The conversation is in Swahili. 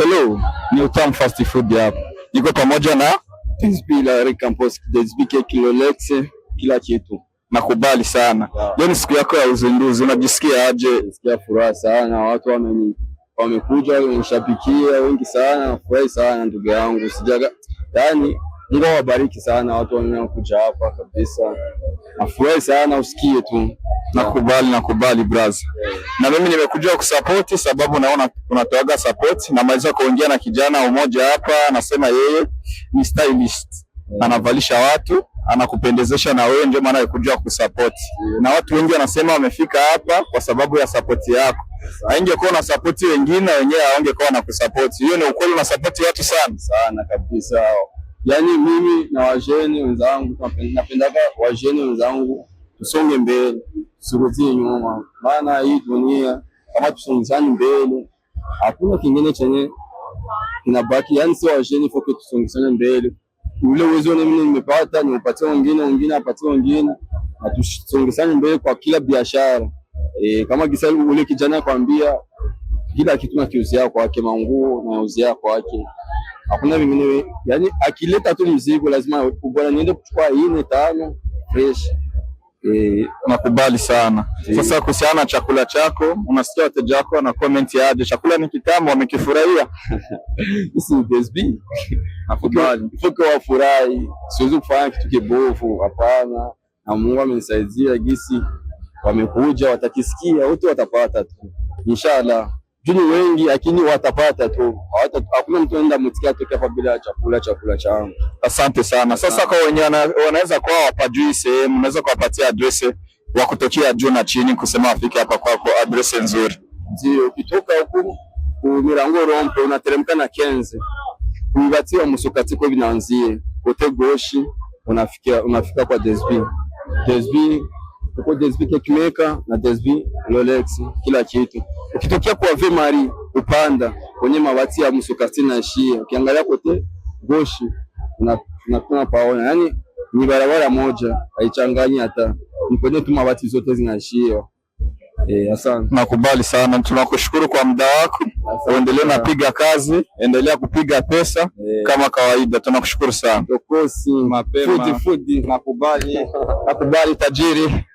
Hello, ni Utam Fast Food hap. Niko pamoja na TSB la Recampos, TSB Kilolex, kila kitu. Nakubali sana. Leo ni siku yako ya uzinduzi, unajisikia aje? Nasikia furaha sana, watu wameni wamekuja wameshabikia wengi sana, nafurahi sana ndugu yangu, sijaga yani Mungu awabariki sana watu wanaokuja hapa kabisa. Nafurahi sana usikie tu. Nakubali, nakubali braza, na mimi nimekuja kusapoti sababu naona unatoaga sapoti. Namaliza kuongea na kijana mmoja hapa, anasema yeye ni stylist, anavalisha watu, anakupendezesha na wewe, ndio maana nimekuja kusapoti. Na watu wengi wanasema wamefika hapa kwa sababu ya sapoti yako. Haingekuwa na sapoti wengine, wenyewe hawangekuwa na kusapoti. Hiyo ni ukweli, na sapoti watu sana sana kabisa. Yaani mimi na wajeni wenzangu, napendaga wajeni wenzangu tusonge mbele, tusirutie nyuma, maana hii dunia kama tusongezani mbele, hakuna kingine chenye kinabaki. Yani sio washeni foke, tusongezane mbele, ule uwezo ni mimi nimepata ni niupatie wengine, wengine apatie wengine, na tusongezane mbele kwa kila biashara e, kama kisa ule kijana akwambia kila kitu na kiuzia kwake, manguo na uzia kwake, hakuna vingine. Yani akileta tu mzigo lazima ubwana niende kuchukua ine tano fresh E, nakubali sana e. Sasa kuhusiana na chakula chako, unasikia wateja wako wana comment yaje, chakula ni kitamu, wamekifurahia? wa wafurahi, siwezi kufanya kitu kibovu, hapana. Na Mungu amenisaidia gisi, wamekuja watakisikia wote, watapata tu inshallah juni wengi, lakini watapata tu, hakuna mtu enda msikia hapa bila chakula chakula changu. Asante sana. Sasa kwa wenye wanaweza kuwa wapajui sehemu, unaweza kuwapatia address wa kutokea juu na chini, kusema wafike hapa kwako, address nzuri. Ndio, ukitoka huku kumirango rompo unateremka na kenzi kuivatiwa musukatiko vinaanzie kote goshi, unafika unafika kwa desbi desbi, uko desbi kekimeka na desbi Rolex, kila kitu ukitokea kwa ve mari upanda kwenye mabati ya Musokati na Shia, ukiangalia kote goshi unakuna paona, yani ni barabara moja haichanganyi hata mkwenye tu mabati zote zinaishia. Eh, asante. Nakubali sana, tunakushukuru kwa muda wako, uendelee napiga kazi, endelea kupiga pesa e, kama kawaida. Tunakushukuru sana. Tokosi mapema. Fudi fudi, nakubali nakubali tajiri